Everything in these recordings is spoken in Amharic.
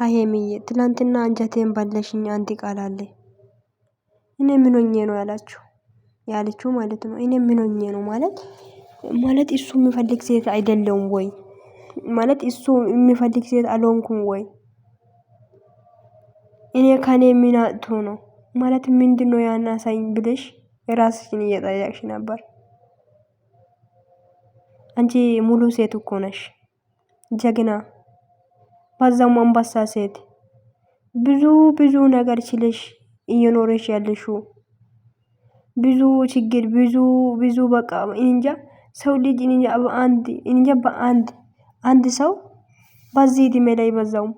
ሀይሚዬ ትላንትና አንጀቴን ባለሽኝ አንድ ቃል አለ። እኔ ምን ሆኜ ነው ያላችሁ ያለችው ማለት ነው። እኔ ምን ሆኜ ነው ማለት ማለት እሱ የሚፈልግ ሴት አይደለም ወይ ማለት እሱ የሚፈልግ ሴት አልሆንኩም ወይ? እኔ ከኔ ምን ነው ማለት ምንድነው ያናሳኝ ብለሽ የራስሽን እየጠየቅሽ ነበር። አንቺ ሙሉ ሴት እኮ ነሽ ጀግና ባዛው አንባሳ ሴት ብዙ ብዙ ነገር ችለሽ እየኖረሽ ያለሹ ብዙ ችግር ብዙ ብዙ በቃ እንጃ ሰው ልጅ እንጃ በአንድ አንድ ሰው በዚህ እድሜ ላይ በዛውም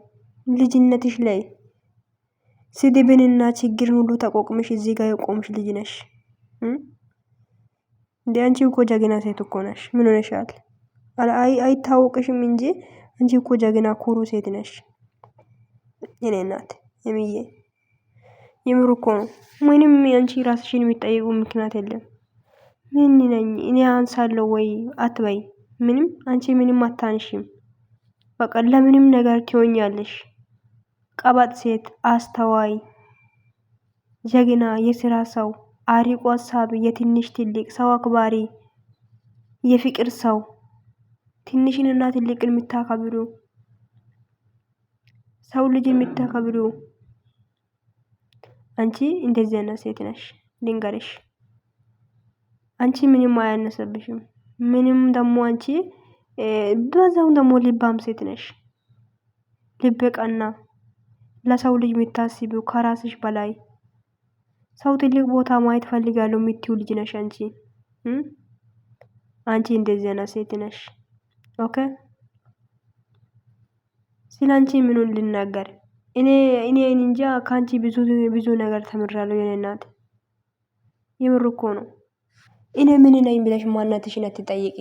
ልጅነትሽ ላይ ስድብንና ችግርን ሁሉ ተቆቅምሽ እዚህ ጋር የቆምሽ ልጅ ነሽ። እንደ አንቺ እኮ ጀግና ሴት እኮ ነሽ። ምን ሆነሻል? አይታወቅሽም እንጂ አንቺ እኮ ጀግና ኩሩ ሴት ነሽ የኔ እናት የምዬ የምሩ እኮ ነው። ምንም አንቺ ራስሽን የሚጠይቁ ምክንያት የለም። ምን ነኝ እኔ አንሳለሁ ወይ አትበይ። ምንም አንቺ ምንም አታንሽም። በቃ ለምንም ነገር ትሆኛለሽ። ቀባጥ ሴት፣ አስተዋይ፣ ጀግና፣ የስራ ሰው፣ አሪቆ ሀሳብ፣ የትንሽ ትልቅ ሰው አክባሪ፣ የፍቅር ሰው ትንሽንና ትልቅን የምታከብሩ ሰው ልጅ የምታከብሩ አንቺ እንደዚህ አይነት ሴት ነሽ። ልንገርሽ፣ አንቺ ምንም አያነሰብሽም። ምንም ደግሞ አንቺ በዛውም ደግሞ ልባም ሴት ነሽ። ልብ ቀና፣ ለሰው ልጅ የምታስቢው ከራስሽ በላይ ሰው ትልቅ ቦታ ማየት ፈልጋለሁ የምትዩ ልጅ ነሽ አንቺ አንቺ እንደዚህ አይነት ሴት ነሽ። ኦኬ ስላንቺ ምኑን ልናገር? እኔ እኔ እንጃ ካንቺ ብዙ ብዙ ነገር ተምራለሁ የኔ እናት። የምር እኮ ነው። እኔ ምን ነኝ ብለሽ ማናትሽን አትጠይቂ።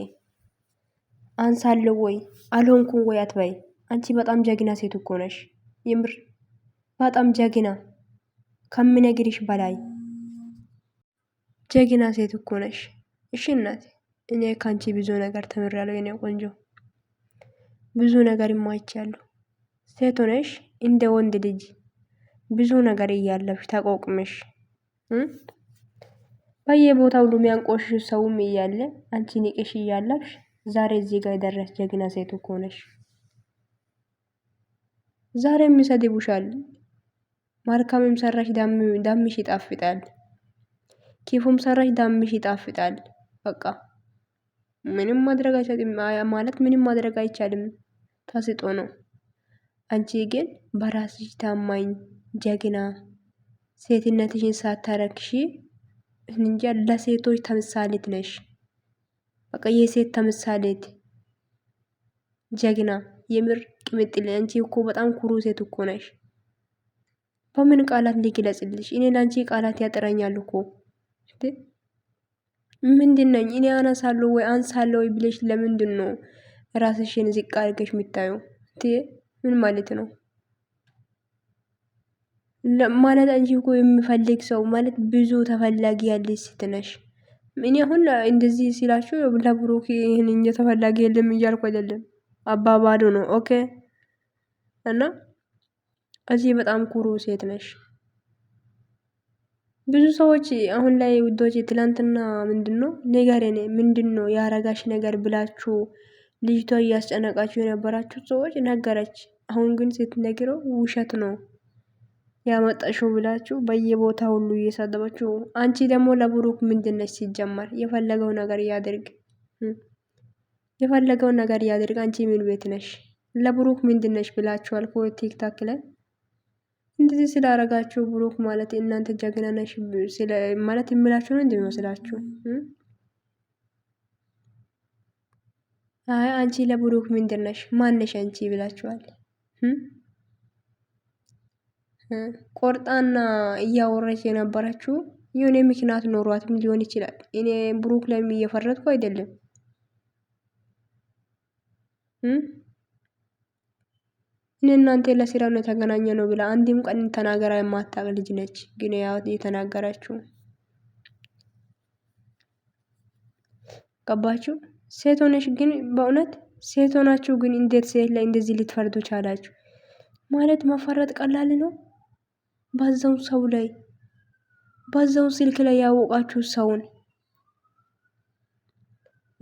አንሳለሁ ወይ አልሆንኩም ወይ አትበይ። አንቺ በጣም ጀግና ሴት እኮ ነሽ። የምር በጣም ጀግና ከምነግርሽ በላይ ጀግና ሴት እኮ ነሽ። እሺ እናት፣ እኔ ካንቺ ብዙ ነገር ተምራለሁ የኔ ቆንጆ። ብዙ ነገር ይማይቻሉ። ሴት ሆነሽ እንደ ወንድ ልጅ ብዙ ነገር እያለብሽ ተቋቁመሽ በየቦታው ሁሉ የሚያንቆሽሽ ሰውም እያለ አንቺ ንቅሽ እያለፍሽ ዛሬ እዚህ ጋር የደረስ ጀግና ሴት እኮ ነሽ። ዛሬ የሚሰድቡሻል። መልካምም ሰራሽ ዳምሽ ይጣፍጣል፣ ኪፉም ሰራሽ ዳምሽ ይጣፍጣል። በቃ ምንም ማድረግ አይቻልም ማለት ምንም ማድረግ አይቻልም። ተስጦ ነው። አንቺ ግን በራስሽ ታማኝ ጀግና፣ ሴትነትሽን ሳታረክሺ እንጃ ለሴቶች ተምሳሌት ነሽ። በቃ የሴት ተምሳሌት ጀግና፣ የምር ቅምጥል። አንቺ እኮ በጣም ኩሩ ሴት እኮ ነሽ። በምን ቃላት ልግለጽልሽ? እኔ ለአንቺ ቃላት ያጠረኛል እኮ ምንድነኝ? እኔ አነሳለሁ ወይ አንሳለሁ ወይ ብለሽ ለምንድን ነው ራስሽን ዝቅ አድርገሽ የምታዩ ምን ማለት ነው? ማለት አንቺ እኮ የሚፈልግ ሰው ማለት ብዙ ተፈላጊ ያለች ሴት ነሽ። እኔ አሁን እንደዚህ ሲላችሁ ለብሩክ ይህን እንጂ ተፈላጊ የለም እያልኩ አይደለም፣ አባባሉ ነው። ኦኬ እና እዚህ በጣም ኩሩ ሴት ነሽ። ብዙ ሰዎች አሁን ላይ ውዶች፣ ትላንትና ምንድን ነው ነገር ምንድን ነው ያረጋሽ ነገር ብላችሁ ልጅቷ እያስጨነቃችሁ የነበራችሁት ሰዎች ነገረች። አሁን ግን ስትነግረው ውሸት ነው ያመጣሽው ብላችሁ በየቦታ ሁሉ እየሳደባችሁ፣ አንቺ ደግሞ ለብሩክ ምንድነች? ሲጀመር የፈለገው ነገር ያድርግ፣ የፈለገው ነገር ያድርግ። አንቺ ምን ቤት ነሽ? ለብሩክ ምንድነሽ ብላችኋል እኮ ቲክታክ ላይ እንደዚህ ስላረጋችሁ ብሩክ ማለት እናንተ ጀግና ነሽ ማለት የምላችሁ ነው እንደሚመስላችሁ አይ አንቺ ለብሩክ ምንድነሽ? ማነሽ አንቺ ብላችኋል። ቆርጣና እያወረች የነበረችው የሆነ ምክንያት ኖሯትም ሊሆን ይችላል። እኔ ብሩክ ላይ እየፈረድኩ አይደለም። እኔ እናንተ ለስራ ነው የተገናኘ ነው ብላ አንድም ቀን ተናገራ የማታቅ ልጅ ነች። ግን ያው የተናገራችሁ ገባችሁ። ሴት ሆነሽ ግን በእውነት ሴት ሆናችሁ ግን እንዴት ሴት ላይ እንደዚህ ልትፈርዱ ቻላችሁ? ማለት መፈረጥ ቀላል ነው። ባዘው ሰው ላይ ባዘው ስልክ ላይ ያወቃችሁ ሰውን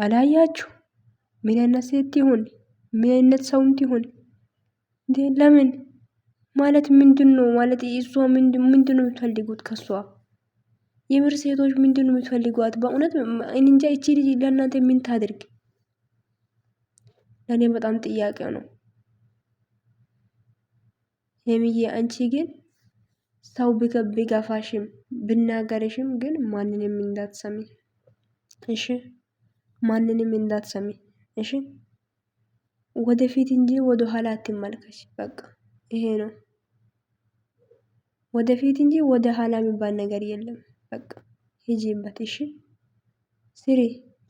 አላያችሁ? ምን አይነት ሴት ይሁን ምን አይነት ሰውም ይሁን ለምን ማለት ምንድን ነው ማለት እሷ ምንድን ነው የምትፈልጉት ከሷ? የምር ሴቶች ምንድን ነው የምትፈልጓት? በእውነት እንጃ። እቺ ልጅ ለእናንተ ምን ታድርግ? ለእኔ በጣም ጥያቄ ነው። ሄምዬ አንቺ ግን ሰው ቢገፋሽም ብናገርሽም ግን ማንንም እንዳትሰሚ እሺ። ማንንም እንዳትሰሚ እሺ። ወደፊት እንጂ ወደ ኋላ አትመልከች። በቃ ይሄ ነው። ወደፊት እንጂ ወደ ኋላ የሚባል ነገር የለም። በቃ ሂጂበት እሺ፣ ስሪ፣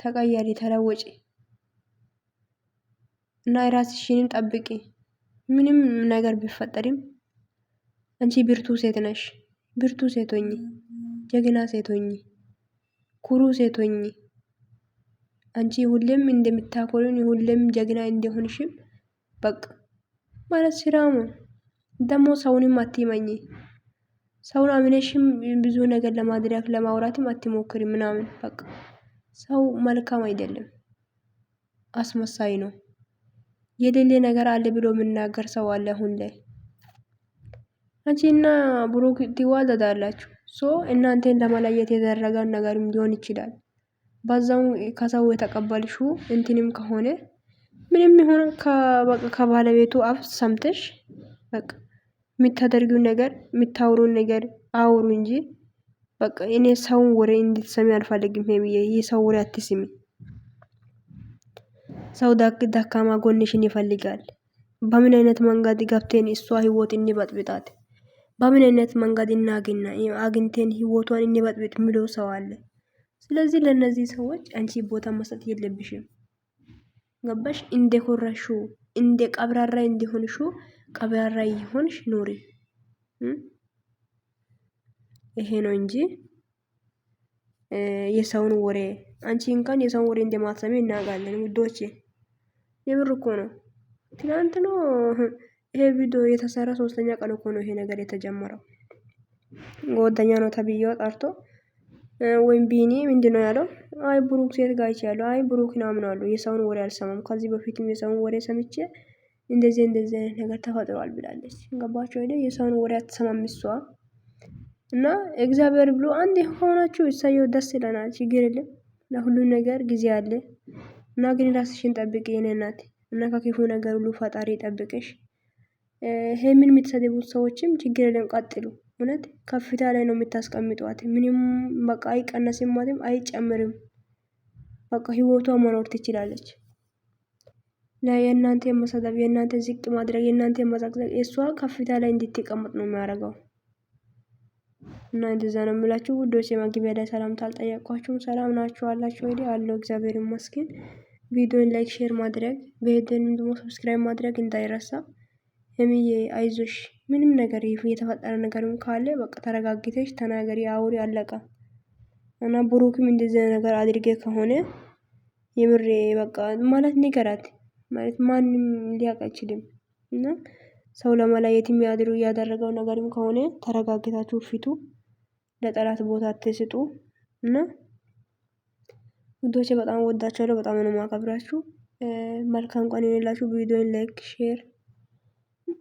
ተቀየሪ፣ ተለወጪ እና የራስሽንም ጠብቂ። ምንም ነገር ቢፈጠርም አንቺ ብርቱ ሴት ነሽ። ብርቱ ሴት ሆኚ፣ ጀግና ሴት ሆኚ፣ ኩሩ ሴት ሆኚ አንቺ ሁሌም እንደምታኮሪን ሁሌም ጀግና እንደሆንሽም በቃ ማለት ስራሙ ደግሞ ሰውንም አትመኝ። ሰውን አምነሽም ብዙ ነገር ለማድረግ ለማውራትም አትሞክሪ ምናምን። በቃ ሰው መልካም አይደለም፣ አስመሳይ ነው። የሌለ ነገር አለ ብሎ የምናገር ሰው አለ። አሁን ላይ አንቺና ብሩክ ትዋደዳላችሁ ሶ እናንተን ለመለየት የተደረገን ነገርም ሊሆን ይችላል። በዛው ከሰው የተቀበልሹ እንትንም ከሆነ ምንም ይሁን ከባለቤቱ አፍ ሰምተሽ በቃ የምታደርጊውን ነገር የምታወሩን ነገር አውሩ እንጂ በቃ እኔ ሰውን ወሬ እንድትሰሚ አልፈልግም። ይህ ሰው ወሬ አትስሚ። ሰው ደካማ ጎንሽን ይፈልጋል። በምን አይነት መንገድ ገብቴን እሷ ህይወት እንበጥብጣት? በምን አይነት መንገድ እናገኛ አግኝቴን ህይወቷን እንበጥብጥ ምሎ ሰው አለ። ስለዚህ ለእነዚህ ሰዎች አንቺ ቦታ መስጠት የለብሽም። ገባሽ? እንደ ኮራሹ እንደ ቀብራራ እንዲሆንሹ ቀብራራ እየሆንሽ ኑሪ። ይሄ ነው እንጂ የሰውን ወሬ አንቺ እንኳን የሰውን ወሬ እንደማትሰሚ እናውቃለን ውዶቼ። የምር እኮ ነው። ትናንት ነው ይሄ ቪዲዮ የተሰራ ሶስተኛ ቀን እኮ ነው ይሄ ነገር የተጀመረው። ጎደኛ ነው ተብዬው ጠርቶ ወይም ቢኒ ምንድን ነው ያለው? አይ ብሩክ ሴት ጋይች ያለው አይ ብሩክ ናምን አሉ። የሰውን ወሬ አልሰማም። ከዚህ በፊትም የሰውን ወሬ ሰምቼ እንደዚህ እንደዚህ አይነት ነገር ተፈጥሯል ብላለች። ገባችሁ አይደል? የሰውን ወሬ አትሰማም እሷ እና እግዚአብሔር ብሎ አንድ የሆናችሁ እሳየው ደስ ይለናል። ችግር የለም። ለሁሉ ነገር ጊዜ አለ እና ግን ራስሽን ጠብቅ የኔ እናት እና ከክፉ ነገር ሁሉ ፈጣሪ ጠብቅሽ። ይሄ ምን የምትሰድቡት ሰዎችም ችግር የለም ቀጥሉ። እውነት ከፍታ ላይ ነው የምታስቀምጧት። ምንም በቃ አይቀነስም ማለትም አይጨምርም። በቃ ህይወቷ መኖር ትችላለች። የእናንተን መሰደብ፣ የእናንተ ዝቅ ማድረግ፣ የእናንተ መዘቅዘቅ የእሷ ከፍታ ላይ እንድትቀመጥ ነው የሚያደርገው። እና እንደዛ ነው የሚላችሁ ውዶች። የማግቢያ ላይ ሰላምታ አልጠየቅኳችሁም። ሰላም ናችሁ አላችሁ ወይ? አለው እግዚአብሔር ይመስገን። ቪዲዮን ላይክ፣ ሼር ማድረግ በሄደን ደግሞ ሰብስክራይብ ማድረግ እንዳይረሳ። የሚዬ አይዞሽ፣ ምንም ነገር የተፈጠረ ነገርም ካለ በቃ ተረጋግተሽ ተናገሪ፣ አውሪ፣ አለቀ እና ብሩክም እንደዚህ ነገር አድርጌ ከሆነ የምሬ በቃ ማለት ንገራት። ማለት ማንም ሊያቅ አይችልም እና ሰው ለመለየት የሚያድሩ እያደረገው ነገርም ከሆነ ተረጋግታችሁ ፊቱ ለጠላት ቦታ አትስጡ እና ውዶቼ በጣም ወዳችኋለሁ። በጣም ነው ማከብራችሁ። መልካም ቀን ይሁንላችሁ። ቪዲዮን ላይክ፣ ሼር፣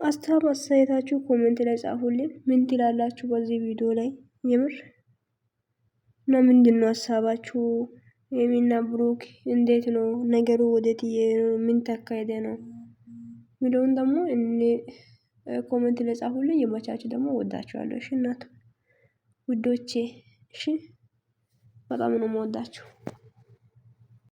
አስተያየት አስተያየታችሁ ኮሜንት ላይ ጻፉልኝ። ምን ትላላችሁ በዚህ ቪዲዮ ላይ የምር እና ምንድን ነው ሀሳባችሁ? ሄሚና ብሩክ እንዴት ነው ነገሩ? ወዴት እየሄደ ነው? ምን ተካሄደ ነው የሚለውን ደግሞ እኔ ኮመንት ለጻፉልኝ። የመቻች ደግሞ ወዳችኋለሁ። እሺ እናቱ ውዶቼ፣ እሺ በጣም ነው የምወዳችሁ።